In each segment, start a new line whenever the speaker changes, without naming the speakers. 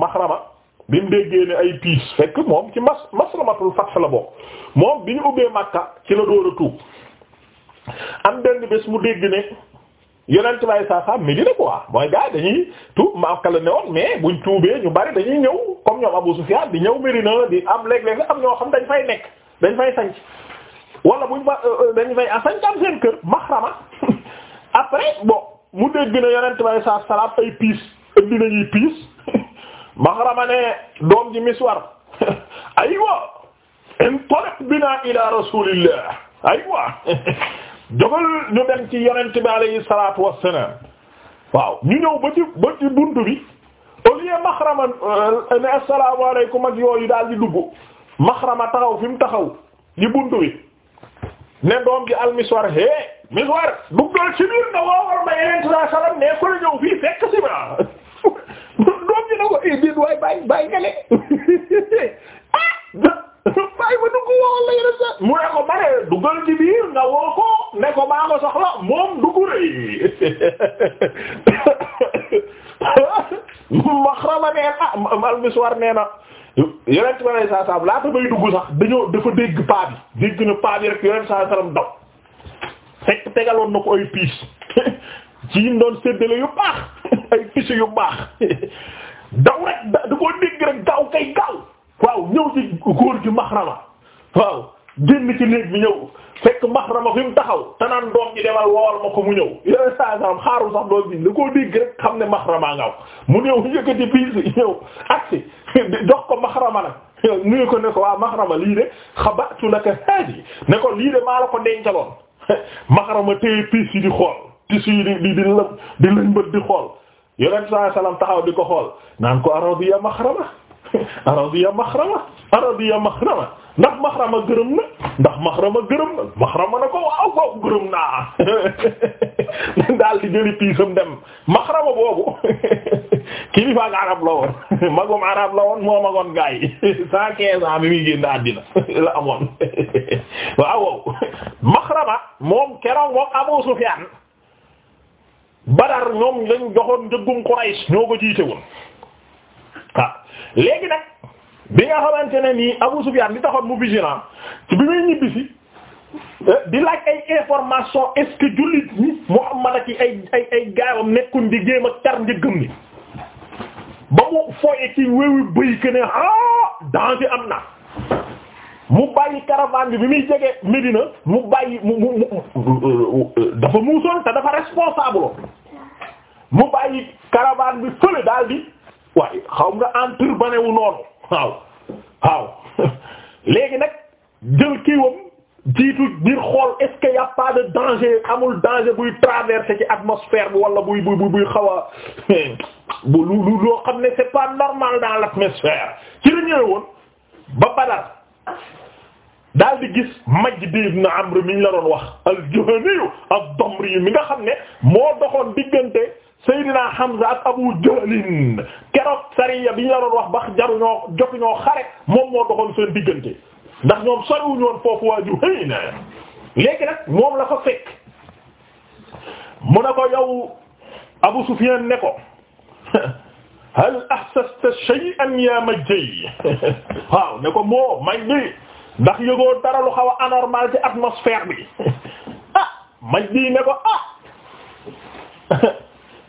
Maxrama bi mu déggee ne ay piis fekk moom ci mas maslamatul fath la bokk moom bi ñu ubbee Makka ci la door a tuub am benn bés mu dégg ne yonent baay saa saa Medina quoi mooy gars ñu bari dañuy ñëw comme ñoom Abu di ñëw Medina di am léeg-léeg am ñoo dañ fay nekk dañ fay sanc wala buñ fa euh, euh, dañ fay mu dégg ne yonent baay saa ay piis indi nañuy piis Maxrama ne doom ji Miswar aywa intaliq bina ila rasulillah aywa jogal ñu dem ci yonent bi alayhi salaatu wassalaam waaw ñu ñëw ba ci ba ci buntu bi au lieu Maxrama euh, ne assalaamu alaykum ak yooyu daal di dugg Maxrama taxaw fi taxaw di buntu bi ne doom ji al Miswar hee Miswar duggal ci biir na woowal ma yonent bi alayhi salaam ne ko la ñëw fii fekk si ma na ko eh biir waay bàyyi bàyyi nga ne ah bàyyi ma dugg woo la yéen a mu ne ko bare duggal ci biir nga woo ko ne ko maa ko soxla moom dugg rëy maxrama nee na ah, almiswar nee dugg sax dañoo dafa dégg paa bi dégg na paa rek yonent sallallahu alayhi wasallam daw fekk tegaloon na ko ay piis ci yim séddale yu baax ay piis yu baax daw rek da koo dégg rek gaaw kay gaaw waaw ñëw ci góor gi maxrama waaw génn ci néeg bi ñëw fekk maxrama fi taxaw te naan doom ji demal woowal ma ko mu ñëw yeneen saa saam xaarul sax doom bi da koo dégg rek xam ne maxrama ngaw mu ñëw yëkkati piis ñëw agsi jox ko maxrama nag ñu ko ne ko waa maxrama lii de xabatu laka haadi ne ko lii de maa la ko dencaloon maxrama téye piis yi di xool tissu yi di di di di lëñ bët di xool yonent sallallahu alayhi wasallam taxaw di ko xool naan ko aradiya maxrama aradiya maxrama aradiya maxrama ndax maxrama gërëm na ndax maxrama gërëm na maxrama na ko waaw waaw gërëm naa daal di jëli piisam dem maxrama boobu kilifa arab la woon magum arab la woon moo magoon gaa yi cent quinze ans mi muy génn àddina la amoon waaw waaw maxrama moom keroog moom Abu Sufyaan Badar moom lañ joxoon njëggum Quraysh ñoo ko jiite woon ah, léegi nag bi nga xamante ne nii Abu Sufyan li taxoon mu vigilant ci bi muy ñibbisi eh, di laaj ay information est-ce jullit ñi Muhammad ak ay ay ay gaawam nekkuñ di géem ak tar njëggam ba mu fooye ci wéewu bëy que ne ah danger am na mu bàyyi caravane bi bi muy jege Médina mu bàyyi mu mu euh, dafa muusoon te dafa responsable mu bàyyi caravane bi fële daal di waaye xaw nga enturbané wu noonu waaw waaw léegi nag jël kiiwam jiitu biir xool est-ce qu'il y de danger amul danger buy traverser ci atmosphère bi wala buy buy buy xaw a bu lu lu loo xam ne c'est pas normal dans l'atmosphère ci la ñëwee woon ba Badar daal di gis Majd ibn Amr mi ñu la doon wax al-Juhani ad-Damri mi nga xam ne moo doxoon diggante. Seydina Hamza ak Abu Jahlin keroog sariya bi ñu la doon wax bax jaruñoo jotuñoo xare moom moo doxoon seen diggante ndax ñoom soriwuñu woon foofu waa Juhayna léegi nag moom la ko fekk mu ne ko yow Abu Sufyan ne ko hal ahsasta shay'an ya majdi waaw ne ko moo majdi ndax yëgoo dara lu xaw a anormal ci atmosphère bi ah majdi ne ko ah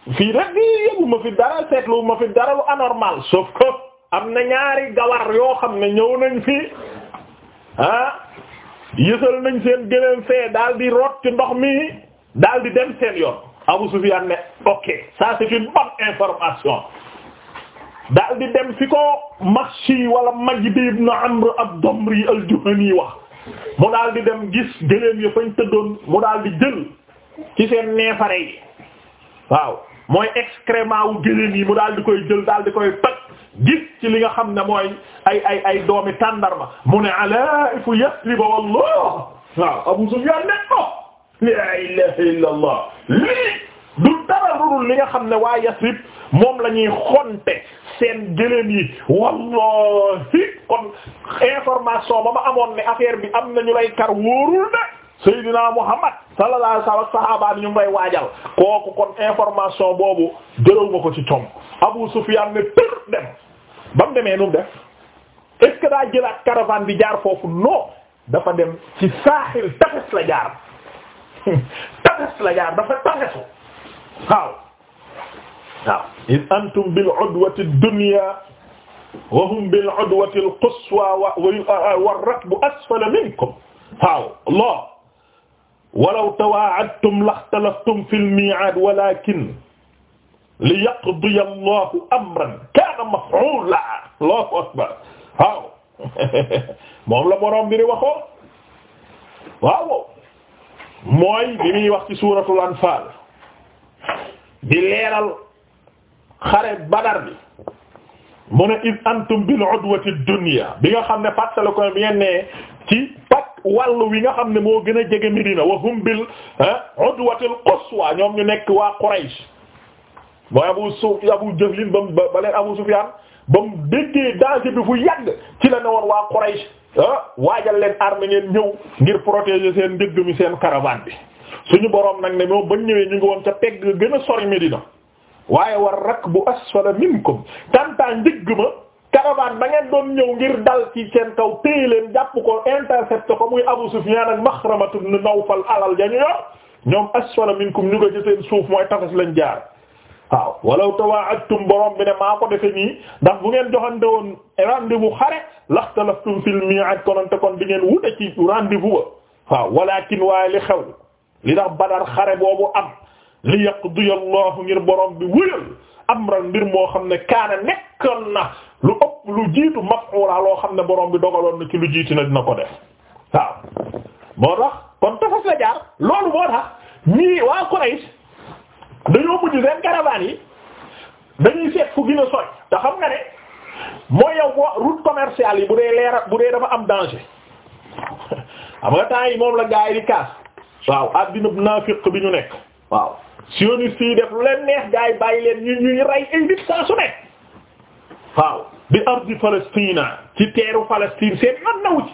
fii rek di yëguma fi dara seetlu ma fi dara lu anormal sauf que am na ñaari gawar yoo xam ne ñëw nañ fii ah yësal nañ seen gëléem fee daal di root ci ndox mi daal di dem seen yoon Abu Sufyan ne ok ça c'est une bonne information daal di dem fi ko Mahshi wala Majdi ibn Amr ad-Damri al-Juhani wax mu daal di dem gis gëléem ya fañ tëddoon mu daal di jël ci seen neefare yi waaw mooy excrément wu géneen yi mu daal di koy jël daal di koy toj gis ci li nga xam ne mooy ay ay ay doomi tàndarma mu ne ala ifu yatriba wallah waaw Abu Sufyan ne ko la ilaha illa lii du dara ludul li nga xam ne waa Yasrib moom la ñuy xonte seen gëléem yi wallahi kon information ba ma amoon ne affaire bi am na ñu lay kar wóorul de Seydina Muhammad sallallahu alayhi wa sallam sahaaba bi ñu may waajal kooku kon information boobu jëlaw ma ko ci coom Abu Sufyaan ne tër dem ba mu demee nu mu def est-ce que daa jëlaat caravane bi jaar foofu non dafa dem ci saaxil tafes la jaar tafes la jaar dafa tafesu waaw waaw in antum bil udwati dunya wa hum bil udwati al quswa wa war rakbu asfala minkum waaw Allah walaw tawaa'adtum laxtalaftum fil mii'aad walaakin liyaqdiya Allahu amran kaana maf'uulaa Allahu akbar waaw moom la boroom bi di waxoon waaw mooy bi muy wax ci suuratul Anfaal di leeral xare Badar bi mu ne id antum bil udwati dunya bi nga xam ne fàttali ko bi ngeen ne ci wàllu wi nga xam ne moo gën a jege Medina wa hum bil udwatil quswa ñoom ñu nekk waa Quraysh mooy Abu Su Abu Jahlin ba mu ba leen Abu Sufyan ba mu déggee danger bi fu yàgg ci la ne woon waa Quraysh waajal leen armée ngeen ñëw ngir protéger seen njëgg mi seen caravane bi ñu borom nag ne moom bañ ñëwee ñu ngi woon ca pegg gën a sori Medina waaye war bu asfala minkum tantaa njëgg ma. caravane ba ngeen doon ñëw ngir dal ci seen kaw téye leen jàpp ko intercepté ko muy Abu Sufyan ak Maxramatu ibn Nawfal alal jañu yor ñoom asfala minkum ñu ko ci suuf mooy tafas lañ jaar waaw walaw tawaa'adtum borom bi ne maa ko defe nii ndax bu ngeen joxante woon rendez-vous xare laxtalaftum fil mi'ad kononte kon di ngeen wute ci rendez-vous ba waaw walakin waaye li xew li tax Badar xare boobu am li yaqdiya Allah ngir borom bi wuyal amran mbir moo xam ne kaana nekkoon na lu ëpp lu jiitu maf'ula loo xam ne borom bi dogaloon na ci lu jiitu na dina ko def waaw moo tax kon tafas la jaar loolu moo tax ñii waa Quraysh dañoo mujj seen caravane yi dañuy seet fu gën a te xam nga ne mooy yow boo route commerciale yi bu dee leera bu dee dafa am danger xam nga temps yi moom la gaa yi kaas waaw addina naafiq bi ñu nekk waaw sioniste yi def lu leen neex gaa yi bàyyi leen ñu ñuy rey ay nit saa su nekk waaw bi ardi Palestine ci teeru Palestine seen yoon nawu ci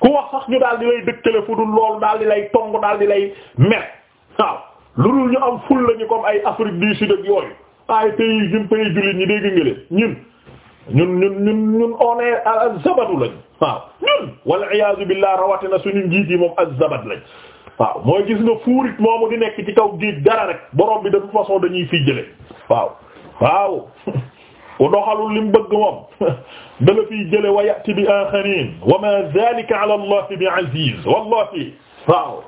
ku wax sax ñu daal di lay dëkkale fu dul loolu daal di lay tong daal di lay mer waaw lu dul ñu am ful lañu comme ay Afrique du Sud ak yooyu ay pays ñun pays jullit ñi dégg nga leen ñun ñun ñun ñun ñun euh, zabadu lañ waaw ñun wal iyaazu billah rawatina suñu njiit yi moom az-zabad lañ waaw mooy gis nga fuurit moomu di nekk ci kaw géej dara rek borom bi de toute façon dañuy fi jële waaw waaw ku doxalul li mu bëgg moom dala fiy jële wa ya'ti bi akharin wa ma zalika bi aziz wallahi waaw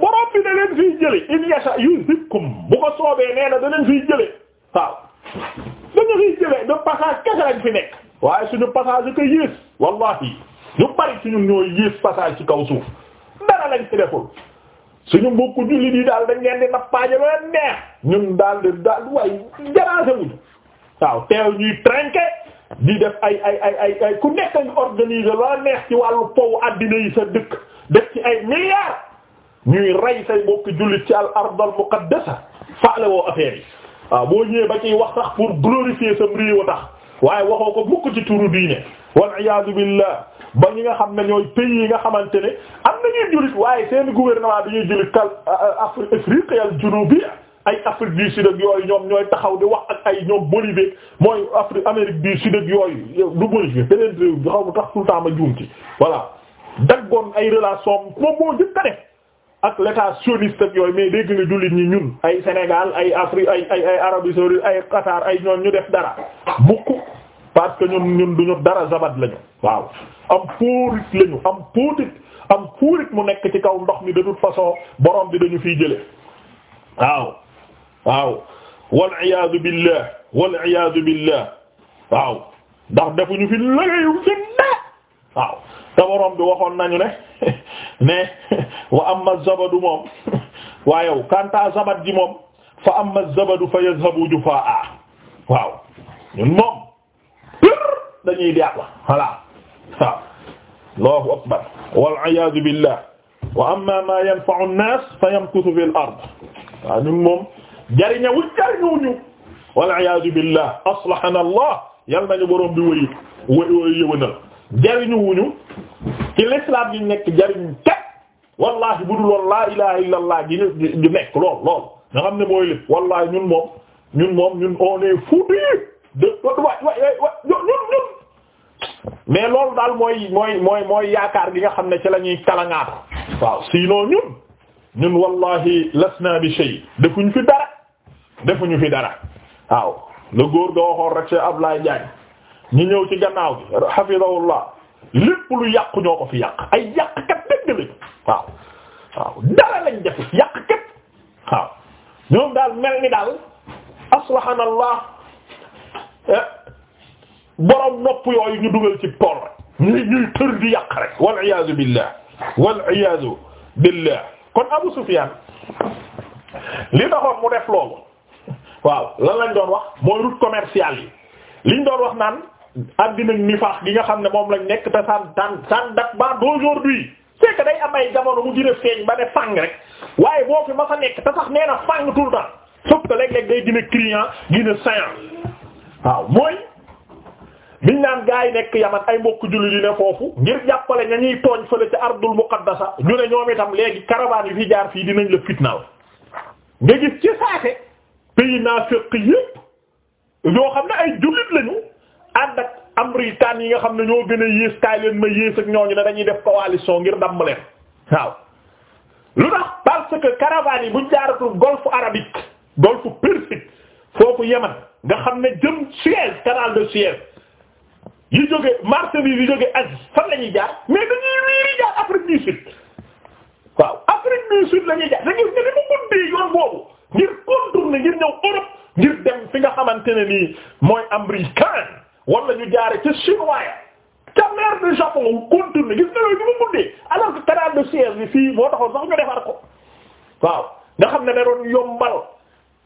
borom bi da leen fiy jële in yasha yuzhikum bu ko soobee nee na da leen fiy jële waaw dañu fiy jële de passage kese lañ fi nekk waaye suñu passage ko yées wallahi ñu bari ci ñun ñooy yées passage ci kaw suuf dara lañ fi deful suñu mbokku jullit yi daal dañ leen di nappaaje ba neex ñun daal di daal waaye jaraase waaw teew ñuy trinquer di def ay ay ay ay ay ku nekk nga organiser loo neex ci wàllu powu addina yi sa dëkk def ci ay milliards ñuy rey say mbokku jullit ci al ardal muqaddasa faale woo affaire waaw boo ñëwee ba ciy wax sax pour glorifier sam réew a tax waaye waxoo ko mukk ci turu diine wal iyaadu billah ba ñi nga xam ne ñooy pays yi nga xamante ne am nañuy jullit waaye seen gouvernement bi ñuy jullit kal Afrique Afrique al junubiya ay Afrique du Sud ak yooyu ñoom ñooy taxaw di wax ak ay ñoom Bolivie mooy Afrique Amérique du Sud ak yooyu du Bolivie beneen réew bi xaw ma tax tout temps ma juum ci voilà daggoon ay relation moom moo jëkk a ak l'état sioniste ak yooyu mais dégg nga jullit ñi ñun ay Sénégal ay Afrique ay ay ay Arabie saoudite ay Qatar ay ñoom ñu def dara parce que ñun ñun duñu dara zabat lañu waaw am puurit lañu am puutit mu nekk ci kaw ndox mi de toute façon bi dañu fiy jële waaw waaw wal iyaadu billah wal iyaadu billah waaw fi lëgéyum ci na waaw te borom bi waxoon nañu ne ne wa amma zabadu moom waaye yow kanta zabat ji moom fa amma zabadu fa yazhabu jufaa waaw ñun moom dañuy deeq voilà waaw allahu akbar waliyasu billah wa amma ma yanfa'u an-nas fa yamkuthu fil ard waaw ñun moom jariñawu jariñuñu waliyasu billah aslahana allah yal nañu boroom bi wéyu wéy yëwanal jariñuwuñu ci l'islam gi nekk jariñ kat wallahi bu dul woon laa ilaha illa allah gi di nekk lool lool nga xam ne mooy lépp wallahi ñun moom ñun moom ñun on est foutu de waay waay waay ñun ñun mais loolu daal mooy mooy mooy yaakaar gi nga xam ne ci la ñuy kalangaat waaw sinon ñun ñun wallahi lasna bi shay defuñu fi dara defuñu fi dara waaw le góor ga waxoon rek ci Ablaye Diagne ñu ñëw ci gannaaw bi hafizahullah lépp lu yàqu ko fi yàq ay yàqkat dëgg lañ waaw waaw dara lañ def yàqkat waaw ñoom daal mel ni daal aslahanallah Eh, borom nopp yooyu ñu dugal ci tool rek ñuy ñuy tër di yàq rek wal iyaazu billah wal iyaazu billah kon Abu Sufyan li taxoon mu def loolu waaw lan lañ doon wax mooy route commerciale yi liñ doon wax naan àddina nifaax gi nga xam ne moom lañ nekk te san tan san date ba d'aujourd'hui c'est day am ay jamono mu gën a ba ne fang rek waaye boo fi ma fa nekk te sax nee na fang tout le temps day gën a client gën waaw mooy biñ naan gaa yi nekk yaman ay mbokk jullit yi ne foofu ngir jàppale ña ñuy tooñ fële ca ardul muqaddasa ñu ne ñoom itam léegi caravane yu fi jaar fii dinañ la fitnaal nga gis ci saate pays naafiq yépp yoo xam ne ay jullit lañu ànd ak américain yi nga xam ne ñoo gën a yées kaay leen ma yées ak ñooñu ne dañuy def coalition ngir damm leen waaw lu tax parce que caravane yi buñ jaaratul golfe arabique golfe persique foofu Yemen nga xam ne jëm Suez canal de Suez yi jóge marchandise yi jóge Asie fan la jaar mais dañuy miiri jaar Afrique du Sud waaw Afrique du Sud la ñuy jaar dañuy ne dafa ngir ngir dem fi nga xamante ne nii mooy américain wala ñu jaare ca chinois ya ca mer du Japon contourner gis nga yooyu ñu ma guddee alors que de Suez bi fii moo taxoon sax ñu defar ko waaw nga xam ne da doon yombal.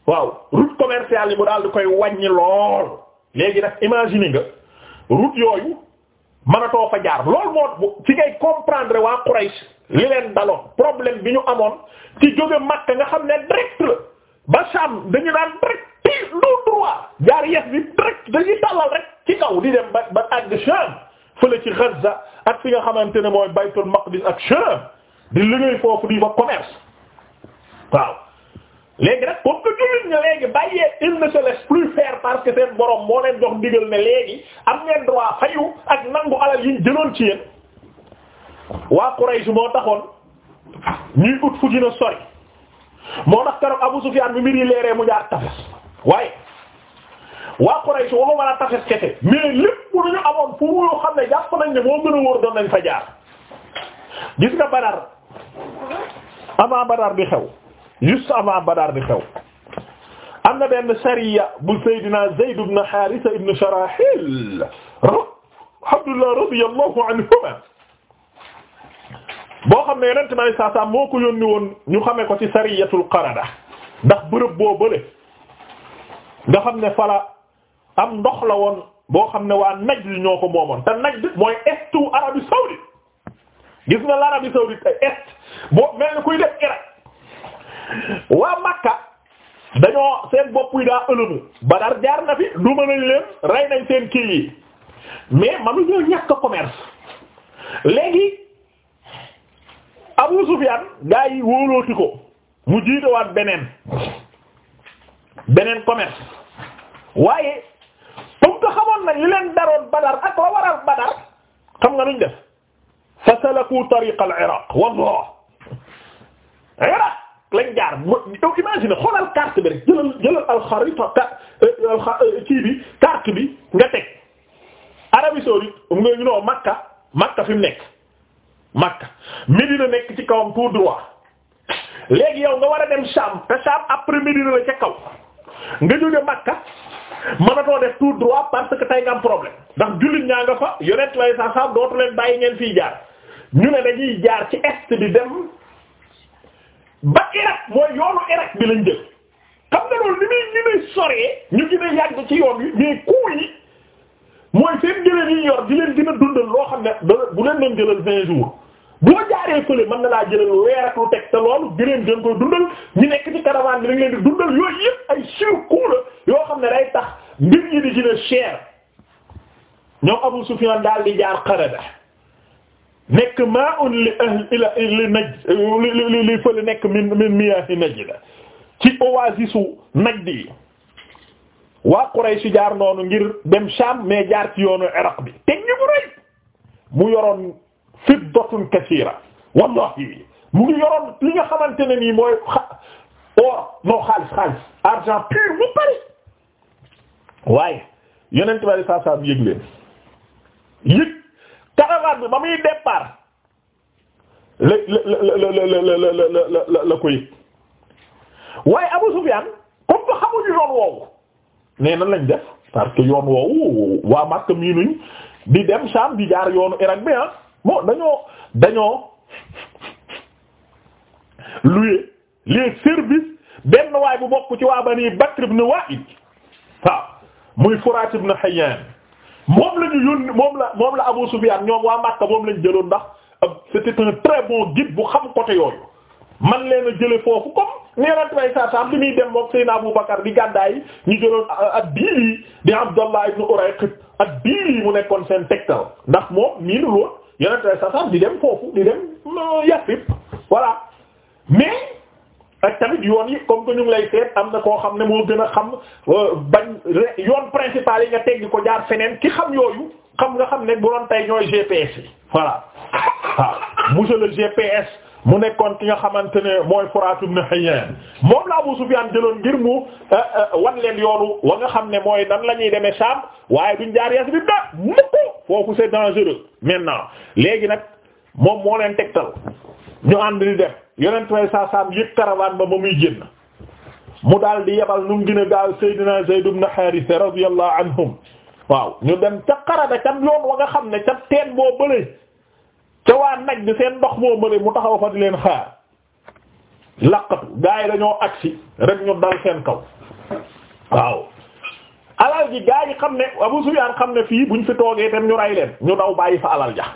waaw route commercial yi mu daal di koy wàññi lool léegi nag imagine nga route yooyu mënatoo fa jaar lool moo fi ngay comprendre waa Quraysh li leen daloon problème bi ñu amoon ci jóge Makka nga xam ne direct la ba Sham dañu daan direct pile droit jaar yes bi direct dañuy tàllal rek ci kaw di dem ba ba àgg Sham fële ci Gaza ak fi nga xamante ne mooy Baytul Maqdis ak Sham di liggéey foofu di fa commerce waaw léegi nag comme que jullit nga léegi bàyyee il ne se plus faire parce que seen borom moo leen jox digal ne léegi am ngeen droit fayu ak nangu alal yiñ jëloon ci yéen waa Quraysh moo taxoon ñuy ut fu gën sori moo tax keroog Abu Sufyaan bi mbir yi leeree mu jaar tafes waaye waa Quraysh waxu ma la tafes kese mais lépp lu ñu amoon fu mu xam ne jàpp nañ ne moo gën a wóor doon nañ fa jaar gis nga Badar avant Badar bi xew. juste avant Badar di xew am na benn sariya bu Seydina Zayd ibn Haarisa ibn Sharahil Abdullah radiyallahu anhuma boo xam ne Yonent bi saa saa moo ko yónni woon ñu xamee ko ci sariyatul Qarada ndax bërëb boo bële nga xam ne fala am ndox la woon boo xam ne waa Najd ñoo ko moomoon te Najd mooy estu Arabie saoudite gis nga l'Arabie saoudite ay est boo mel ni kuy def Irak waa Makka dañoo seen bopp yi daa ëllëmu Badar jaar na fi duma nañ leen rey nañ seen kii yi mais manuñoo ñàkk commerce léegi Abu Sufyan gaa yi wóolooti ko mu jiitawaat beneen beneen commerce waaye comme que xamoon nañ li leen daroon Badar ak waral Badar xam nga nuñ def fa salaku tariq al Iraq wallah Iraq lañ jaar yow imagine xoolal carte bi rek jëlal jëlal alxarita euh, euh, kii bi carte bi nga teg Arabie saoudite nga ñu noo Makka Makka fi mu nekk Makka Médina nekk ci kawam tout droit léegi yow nga war a dem Sham te Sham après Médina la ca kaw nga jóge Makka mënatoo def tout droit parce que tey nga am ndax jullit ñaa nga fa yonent lay sa sa dootu leen bàyyi ngeen fii jaar ñu ne dañuy jaar ci est bi dem ba Irak mooy yoonu Irak bi lañ jël xam nga loolu ni muy gën a ñu gën yàgg ci yoon wi mais yi mooy seen gëléem yi yor di leen gën a dundal loo xam ne bu leen leen jëlal vingt jours boo jaaree fële mën na laa jëlal weer ak lu teg te loolu gëléem gën koy dundal ñu nekk ci caravane bi dañ leen di dundal yooyu yëpp ay surcoût la yoo xam ne day tax mbir yi di gën a cher ñoom Abu daal di jaar Qarada nekk maa'un li ahli li li nekk min min miyaahi Najd ci oasis u waa Quraysh jaar noonu ngir dem Sham mais jaar ci yoonu bi teg mu yoroon fiddatun kasiira wallahi mu ngi yoroon li nga xamante ne nii mooy or non xaalis xaalis argent pur mu bari waaye yeneen tubaab yi saa saa yëg leen caravane bi ba muy départ la la la la ko yëg waaye Abu Sufyaan comme que xamuñu yoon woowu nee lañ def parce que yoon woowu waa Makka miinuñ di dem Saam di jaar yoonu Irak bi ah bon dañoo dañoo loué les services benn waay bu bokk ci waa Bani Bakr ibn Wa'il waaw muy Furat ibn Hayyan moom la ñu yónni moom la moom la Abu Sufyan ñoom waa Makka moom lañ jëloon ndax c'était un très bon guide bu xam côté yoon man leen a jële foofu comme neerant bay sa sam li muy dem moom Seydina Abu Bakar di gàddaay ñu jëloon ak biili di Abdallah ibn Urayqit ak biili mu nekkoon seen tegtal ndax moom mii nu lool yenente bay sa sam di dem foofu di dem euh, Yathrib voilà mais ak tamit yoon yi comme que ñu ngi lay seet am na koo xam ne moo gën a xam euh, bañ yoon principal yi nga teggi ko jaar feneen ki xam yooyu xam nga xam ne bu doon tey ñooy GPS yi voilà waaw monsieur GPS mu nekkoon ki nga xamante ne mooy Furat ibn Hayyan moom la Abu Sufyan jëloon ngir mu euh, euh, wan leen yoonu wa nga xam ne mooy nan la ñuy demee Sham waaye duñ jaar Yasrib bi da mukku foofu c'est dangereux maintenant léegi nag moom moo leen tegtal ñu ànd di def yonent way saa saam yëg karawaan ba ba muy génn mu daal di yebal nu mu daal a gaaw Seydina Zayd ibn Haarisa radiyallahu anhum waaw ñu dem ca Qarada ca yoon wa nga xam ne ca teen boo bële ca waa naj bi seen ndox moo bële mu taxaw fa di leen xaar laqatu gaa yi dañoo agsi rek ñu dal seen kaw waaw alal ji gaa yi xam ne Abu Sufyaan xam ne fii buñ fi toogee tam ñu rey leen ñu daw bàyyi fa alal ja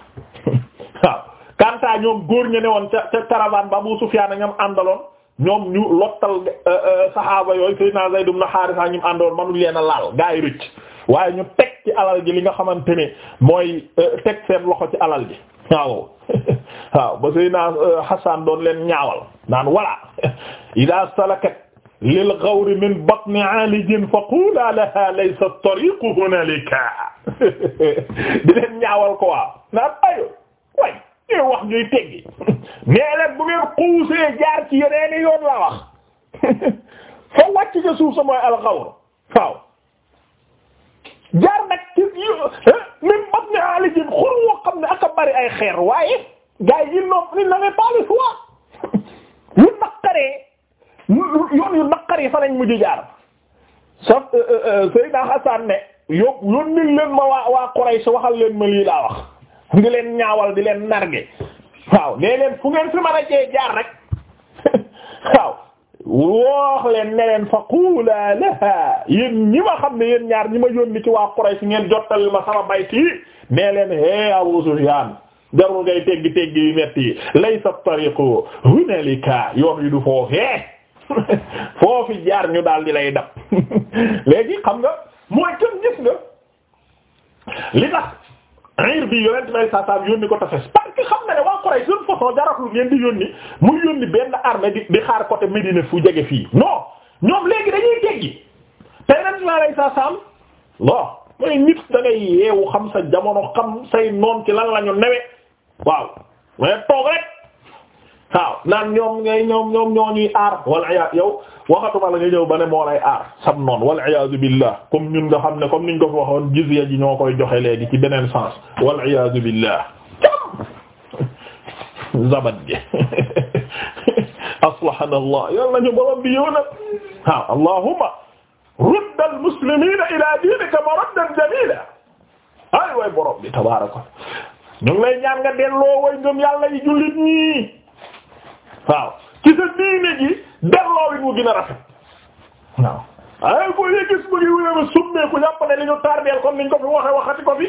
kantaa ñoom góor ña ne woon ca ca caravane ba Abu Sufyaan ñam àndaloon ñoom ñu lottal eh, eh, saxaaba yooyu sayyidina Zayd ibn Haarisa ñim àndaloon mënuñ leen a laal gaa yi rëcc waaye ñu teg ci alal ji li nga xamante ne mooy eh, teg seen loxo ci alal ji waaw waaw ba sayyidina Hasan doon leen ñaawal naan wala idaa salakat lil ghawri min batni alijin fa qula laha laysa at-tariqu hunalika di leen ñaawal ko waaw naan ayo way ñuy wax ñuy teggi mais leen bu ngeen xuusee jaar ci yeneeni yoon laa wax fa wàcc ca suuf sa mooy alxawr waaw jaar nag ci même bag ne aali jën xur woo xam ne ay xeer waaye gars yi noom ni nave pali fois yu naqaree yoon yu naqaree fa lañ mujj jaar sa euh, euh, euh, Seydina ne yo yónnil leen ma waa waa waxal leen ma lii laa wax di leen ñaawal di leen narge waaw nee leen fu ngeen fi mën a jee jaar rek waaw woox leen ne leen laha yéen ñi ma xam ne yéen ñaar ñi ma yónni ci waa Quraysh ngeen jottali ma sama bayti nee leen hee Abu Sufyaan jarul ngay teggi teggi yu metti yi laysa tariqu hunalika yoon yu du foofee foofi jaar ñu daal lay dab léegi xam nga mooy kenn gis nga li tax ir bi yonent may saasaam yónni ko tafes parce que xam na ne waa Quraysh seen façon jaratul ngeen di yónni muy yónni benn armée di di xaar côté Médine fu jege fii no ñoom léegi dañuy teggi te yonent ma lay saasaam loo mooy nit da yeewu xam sa jamono xam say noon ci lan la ñu newe waaw waaye toog rek waaw naan ñoom ngay ñoom ñoom ñoo ñuy aar wal iyaadu yow waxatuma la nga ñëw ba ne moo lay aar sab noon wal iyaadu billah comme ñun nga xam ne comme niñ ko fi waxoon jizya ji ñoo koy joxe léegi ci beneen sens wal iyaadu billah zabat ji aslahana allah yal nañu borom bi yow nag waaw allahumma rudd al muslimiina ilaa diinika maraddan jamiila ay way borom bi tabaaraka ñu ngi lay ñaan nga delloo way ngëm yàlla yi jullit ñi waaw ci sa diine ji delloo it mu gën a rafet waaw ay boo yee gis mu ngi wéeru summee ku jàpp li ñu tardeel comme niñ ko fi waxee waxati ko fi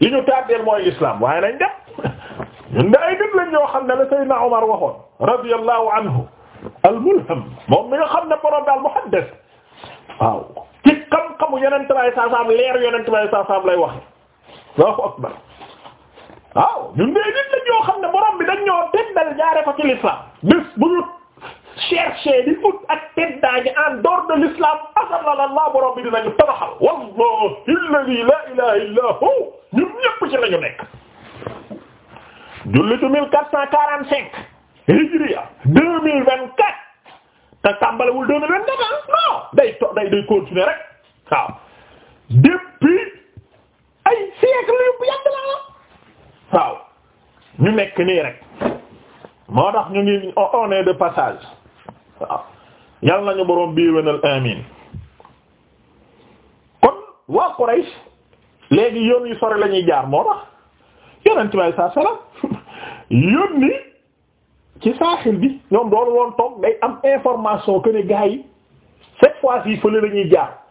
li ñu tardeel mooy islam waaye nañ def ay nit lañ ñoo xam ne la Seydina Omar waxoon radiyallahu anhu al-mulham moom mi nga xam ne borom daal muhaddis waaw ci xam-xamu yonent bi sallallahu alayhi wasallam leer yonent bi sallallahu alayhi lay waxe Allahu akbar waaw ñun dee nit lañ ñoo xam ne borom bi dañ ñoo teddal jaare ko ci l'islam bés bu ñu chercher di ut ak teddaange en dehors de l'islam asal la la borom bi dinañu toroxal wallahi alladhi la ilaha illa hu ñun ñépp ci lañu nekk jullitu mille quatre cent quarante hijriya deux mille vingt quatre te tàmbalewul deux mille vingt quatre ah, day to day day continuer rek waaw depuis ay siècle yu yàgg ñu nekk nii rek moo tax ñu ngi oh, on est de passage waaw yal nañu boroom bii wénal amin kon waa Quraysh léegi yoon yu sore la ñuy jaar moo tax yonent bi alayhi salaam yónni ci saaxil bi ñoom doon woon toog ngay am information que ne yi cette fois-ci fële la ñuy jaar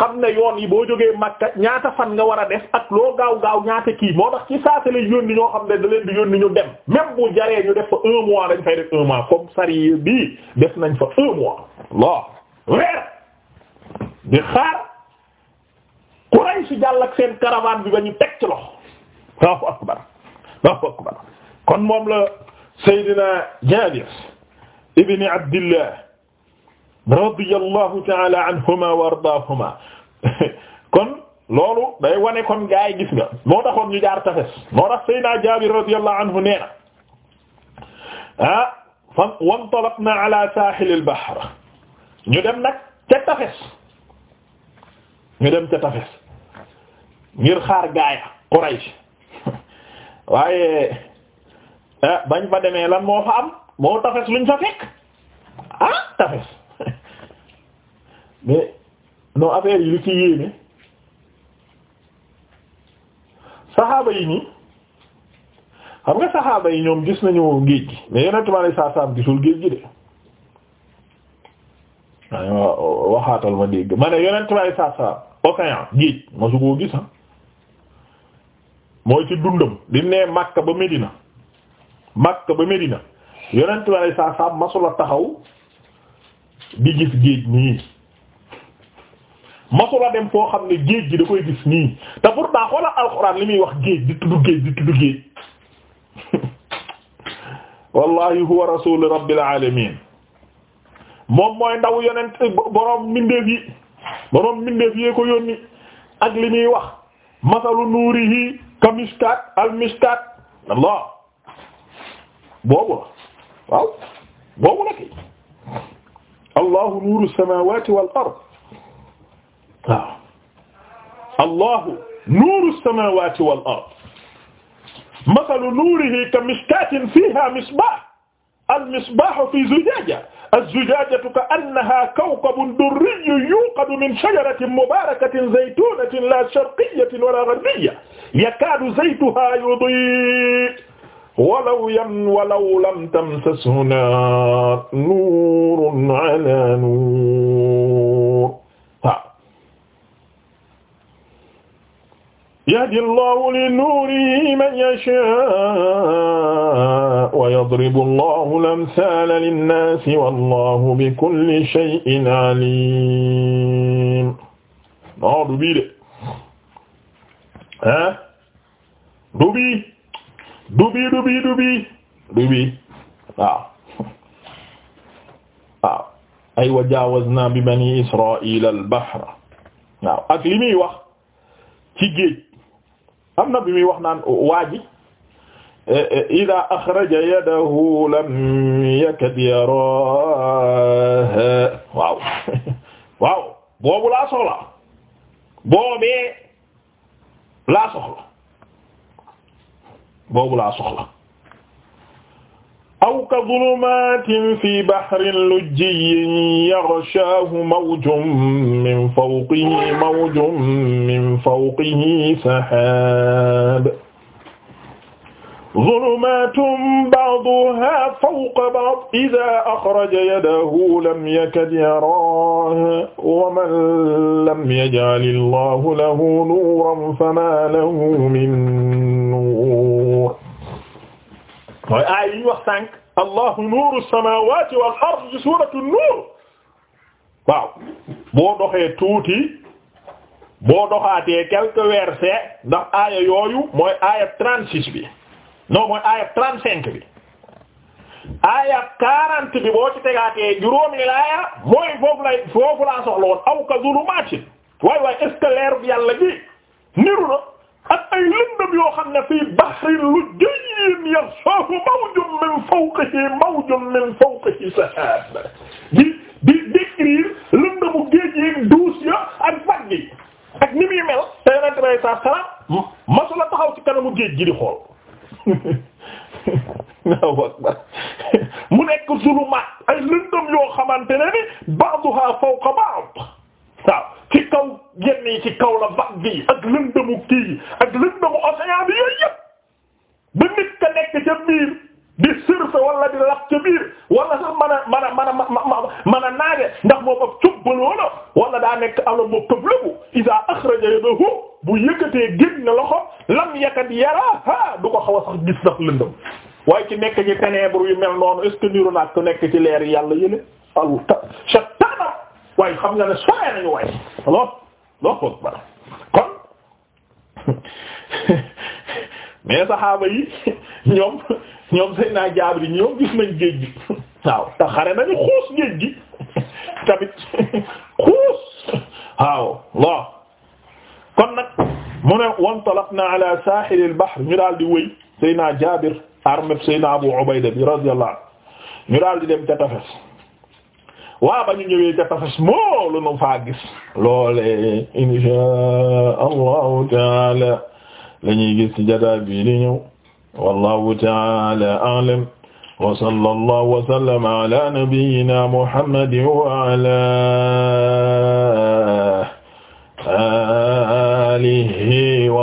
xam ne yoon yi boo jógee Makka ñaata fan nga war a def ak loo gaaw gaaw ñaata kii moo tax ci saa yoon la ñoo xam ne da leen yoon yónni ñu dem même bu jaree ñu def fa un mois dañ fay def un sari bii def nañ fa un mois loo weer di xaar Quraysh jàll ak seen caravane bi ba ñu teg ci loxo Allahu akbar Allahu akbar kon moom la Seydina Jaabir ibn Abdillah radiyallahu ta'ala anhuma wa ardaahuma kon loolu day wane kon gaa yi gis nga moo taxoon ñu jaar tafes moo tax Seydina Jaabir radiyallahu anhu nee na ah fa wantalaqna ala saaxil al-bahr ñu dem nag ca tafes dem ca tafes ngir xaar gaaya Quraysh waaye ah, bañ fa demee lan moo fa am moo tafes luñ fa fekk ah tafes mais non affaire yi li ci yéeme saxaaba yi nii xam nga saxaaba yi ñoom gis nañu géej gi mais yonent ma lay saasaam gisul géej gi de waxaatal ma dégg ma ne yonent ma lay saasaam océan géej ma su koo gis ah mooy ci dundam li nee Makka ba Medina Makka ba Medina yonent ma lay saasaam masula taxaw di gis géej nii masula dem foo xam ne géej gi da koy gis nii te pourtant xoolal alxuraan li muy wax géej di tudd géej di wallahi huwa rasulu rabbil alamin moom mooy ndaw yonent boroom mbindeef yi boroom mbindeef yee ko yónni ak li muy wax masalu nuurihi ka mishkat al mishkat boobu la waaw boobu la ki Allahu nuru samawati wal ard waaw allahu nuuru samawati wal ard masalu nuurihi ka miskaatin fiha misbah al misbahu fi zujaja az-zujajatu ka annaha kawkabun durriyyun yuqadu min shajaratin mubarakatin zaytunatin la sharqiyyatin wala gharbiyyatin yakadu zaytuha yudi'u walaw yam walaw lam tamsashu naar nuurun ala nuur yahdi Allahu li nuurihi man yashaa'u wa yadribu Allahu al-amthaala linnaasi wallaahu bi kulli shay'in aliim. non du bii de ah du bii du bii du bii du bii du bii waaw waaw ay wa jaawaznaa bi banii Israa'iila al-bahra waaw ak li muy wax ci géej. am na bi muy wax naan waa ji ida axraja yadahu lam yakad yaraha waaw waaw boobu laa soxla boobee laa soxla boobu laa soxla aw ka zulumatin fi bahrin lujjiyyin yaghshaahu mawjun min fawqihi mawjun min fawqihi sahaab zulumaatun ba'duhaa fawqa ba'din idhaa akhraja yadahu lam yakad yaraahaa wa man lam yaj'alillaahu lahu nuuran famaa lahu min nuur mooy aay yi wax sànq allahu nuuru samawati wal ard ci suratu waaw boo doxee tuuti boo doxaatee quelques versets ndax aaya yooyu mooy aaya trente bi non mooy aaya trente bi aaya quarante bi boo ci tegaatee juróomi laaya mooy foofu lay foofu laa zulumaatin waay waay est-ce que leeru yàlla bi niru ak ay lëndëm yoo xam ne fii bahrin lujjayyin yaghshahu mawjun min fawqihi mawjun min fawqihi sahab di di décrire lëndëmu géej yi duus ya ak fag ak ni muy mel te yonente bi alei sat taxaw ci kanamu géej gi di xool waaw mu nekk zuluma kat yaraha du ko xaw a sax gis ndax lëndëm waaye ci nekk ci ténèbres yu mel noonu est-ce que ku nekk ci leer yàlla yële alu ta shatana waaye xam nga ne sore nañu waaye lool lool ko bara kon mais saxaaba yi ñoom ñoom sëy naa jaabri ñoom gis nañ géej gi waaw te nañu xuus géej gi tamit xuus waaw lo mu ne wantalaqna ala sahilil bahr ñu daal di wëy Seydina Jaabir armeb Seydina Abu Ubayda bi radiyallahu ñu daal di dem ca tafes waa ba ñu ñëwee ca tafes moo lu nu faa gis loolee inshaa allahu taala la ñuy gis ci jataa bii di ñëw wallahu taala a'lam wa sallallahu wa sallama ala nabiyyina muhammadin wa ala